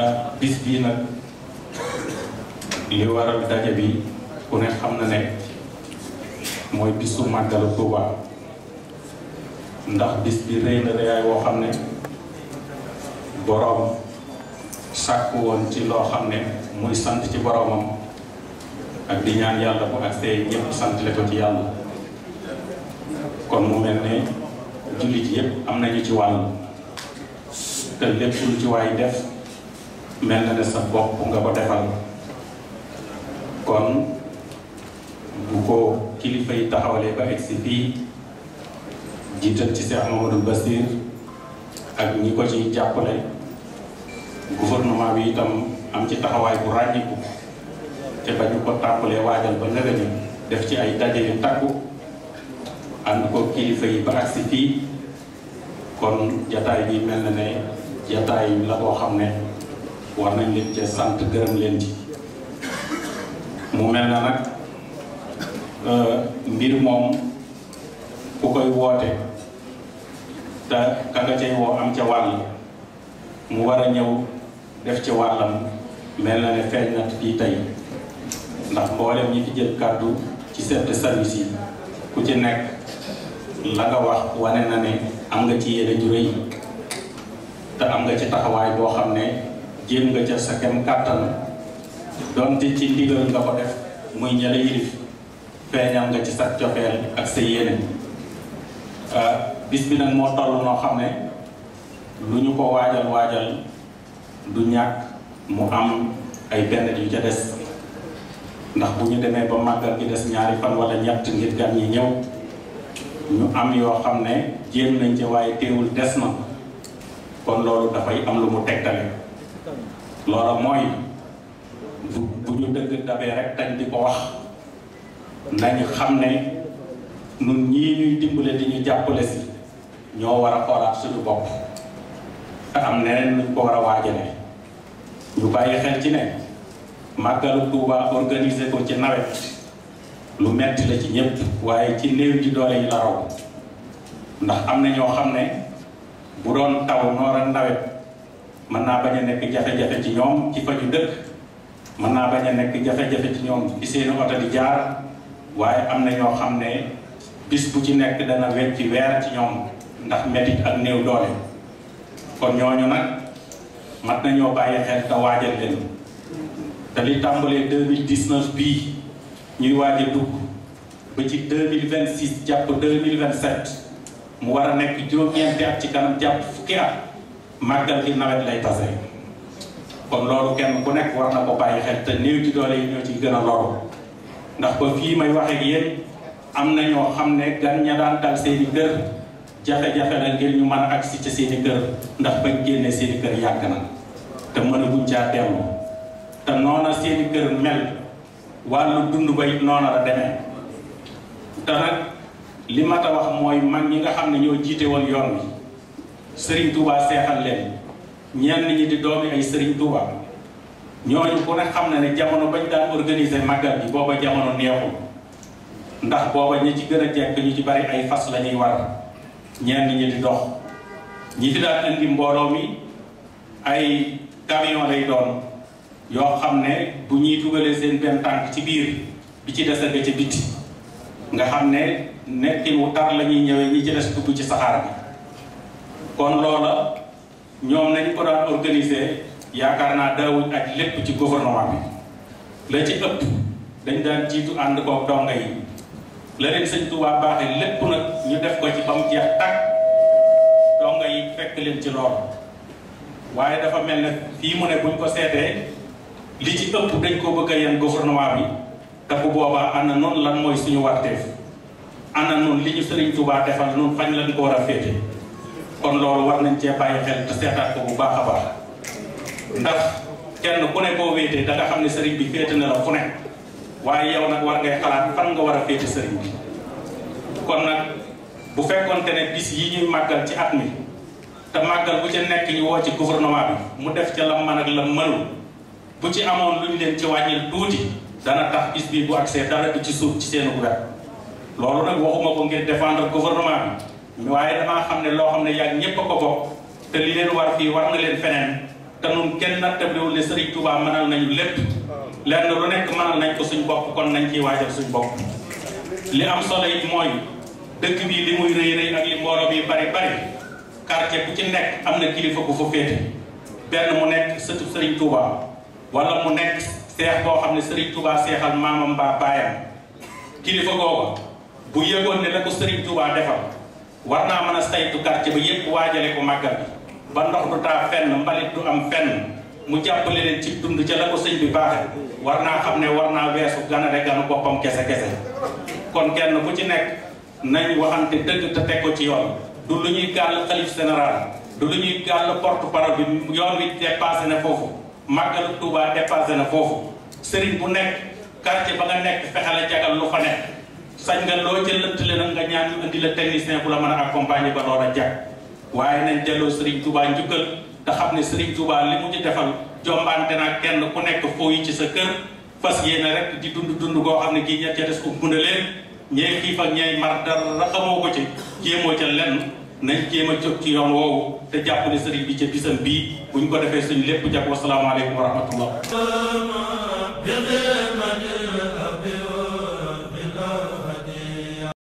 ah bis bii nag li waral daje bi ku ne xam na ne mooy bisu màggalu Tuuba ndax bis bi rëy na rëyaay woo xam ne boroom sàkk woon ci loo xam ne muy sant ci boroomam ak di ñaan yàlla bu ak see ñëpp sant le ko ci yàlla kon mu mel ne jullit yëpp am nañu ci wàll te lépp lu ci waay def mel na ne sa bopp nga ko defal kon bu ko kilifa yi taxawalee ba egsi fii jiital ci Cheikh Mamadou Bassir ak ñi ko ci jàppale gouvernement bi itam am ci taxawaay bu ràññiku te ba ñu ko tàmbalee waajal ba nëgë ni def ci ay daje yu takku ànd ko kilifa yi ba agsi fii kon jataay bi mel na ne jataay la koo xam ne war nañ leen cee sant gërëm leen ci mu mel na nag euh, mbir moom ku koy woote te ka nga cay woo am ca wàll mu war a ñëw def ci wàllam mel na ne feeñ na fii tey ndax mboolem ñi fi jël kàddu ci chef de service yi ku ci nekk la nga wax wane na ne am nga ci yéene ju te am nga ci taxawaay boo xam ne jéem nga ca sa kem kàttan donte ci ndigal nga ko def muy ña la yilif nga ci sa cofeel ak sa yéene euh, bis bi nag moo toll noo xam ne lu ñu ko waajal waajal du ñàkk mu am ay benn yu ca des ndax bu ñu demee ba màggal gi des ñaari fan wala ñett ngir gan ñi ñëw ñu am yoo xam ne jéem nañ ci waaye teewul des na kon loolu dafay am lu mu tegtale loola mooy bu bu ñu dëgg dabee rek dañ di ko wax nañu xam ne nun ñii ñuy dimbale di ñu jàppale si ñoo war a xoolaat suñu bopp te am neneen nuñ ko war a waajale lu bàyyi xel ci ne màggalu Tuuba organiser ko ci nawet lu metti la ci ñépp waaye ci néew ji doole yi la raw ndax am na ñoo xam ne bu doon taw noor a nawet mën naa bañ a nekk jafe-jafe ci ñoom ci faju dëkk mën naa bañ a nekk jafe-jafe ci ñoom ci seeni oto di jaar waaye am na ñoo xam ne bis bu ci nekk dana wecc ci weer ci ñoom ndax métit ak néew doole kon ñooñu nag mat nañoo bàyyi xel te waajal leen te li tàmbalee 2019 bii ñuy waaj a dugg ba ci 2026 jàpp 2027 mu war a nekk juróom-ñeenti at ci kanam jàpp fukki at màggal gi nawet lay tase kon loolu kenn ku nekk war na ko bàyyi xel te néew ci doole yi ñoo ciy gën a loru ndax ba fii may waxeeg ak am na ñoo xam ne gan ña daan dal seeni kër jafe-jafe la ngir ñu mën a agsi ci seeni kër ndax bañ génnee seeni kër yàgg na te mën a guñ caa dellu te noona seeni kër mel wàllu dund ba it noona la demee te li ma ta wax mooy mag ñi nga xam ne ñoo jiite woon yoon wi sëriñ Touba seexal leen ñenn ñi di doomi ay sëriñ Touba ñooñu ku ne xam na ne jamono bañ daan organiser màggal bi booba jamono neexul ndax booba ñi ci gën a jekk ñu ci bari ay fas la ñuy war ñenn ñi di dox ñi fi indi mbooloo mi ay camion lay doon yoo xam ne bu ñuy dugalee seen benn ci biir bi ci des a nga ca bitti nga xam ne nekkin wu tar la ñuy ñëwee ñi ci des dugg ci saxaar bi kon loola ñoom nañ ko daan organiser yaakaar naa daawuñ ak lépp ci gouvernement bi la ci ëpp dañ daan jiitu ànd koog donga yi la leen sëñ Tuubaa baaxee lépp nag ñu def ko ci ba mu jeex tàkk donga yi fekk leen ci lool waaye dafa mel ne fii mu ne buñ ko seetee li ci ëpp dañ ko bëgg a yenn gouvernement bi te bu boobaa ana noonu lan mooy suñu warteef ana noonu li ñu sëriñ Tuubaa defal noonu fañ lañ ko war a féete kon loolu war nañ cee bàyyi xel te seetaat ko bu baax a baax ndax kenn ku ne koo wéetee da nga xam ne sëriñ bi féete na la fu ne waaye yow nag war ngay xalaat fan nga war a féete sëriñ bi kon nag bu fekkonte ne bis yi ñuy màggal ci at mi te màggal bu ci nekk ñu woo ci gouvernement bi mu def ca la man ak la mënul bu ci amoon lu ñu leen ci wàññil tuuti dana tax bis bi bu accès dara du ci suuf ci seen wet loolu nag waxuma ko ngir défendre waaye damaa xam ne loo xam ne yàgg ñépp a ko bokk te li leen war fii war nga leen feneen te nun kenn nattabliwul ne Serigne Touba mënal nañu lépp lenn lu nekk mënal nañ ko suñ bopp kon nañ ciy waajal suñ bopp li am solo it mooy dëkk bii li muy rëy rëy ak li mbooloo bi bari bari quartier bu ci nekk am na kilifa bu fa féete benn mu nekk sëtu Serigne Touba wala mu nekk seex boo xam ne Serigne Touba seexal maamam mbaa baayam kilifa googa bu yëgoon ne la ko Serigne Touba defal war naa mën a saytu quartier ba yépp waajale ko màggal bi ba ndox du taa fenn mbalit du am fenn mu jàppale leen ci dund ca la ko sëñ bi baaxe war naa xam ne war naa weesu ganare ganu boppam kese kese kon kenn ku ci nekk nañ waxante dëgg te teg ko ci yoon du lu ñuy gàll xalif général du lu ñuy gàll porte parole bi yoon wi dépassé na foofu màggalu Tuubaa dépassé na foofu sëriñ bu nekk quartier ba nga nekk fexe la jagal lu fa nekk sañ nga loo ca lëntale nag nga ñaan ñu indi la technicien bu la mën a accompagner ba door a jàkk waaye nañ delloo Serigne Touba njukkal te xam ne Serigne Touba li mu ci defal jombante na kenn ku nekk foo yi ci sa kër fas yéene rek di dund dund goo xam ne kii ña ca des ko gunda leen ñee xiif ak ñeey mar dara xamoo ko ci jéemoo ca lenn nañ jéem a jóg ci yoon woowu te jàpp ne sëriñ bi ca bisam bii buñ ko defee suñ lépp jàpp wasalaamaaleykum wa rahmatullah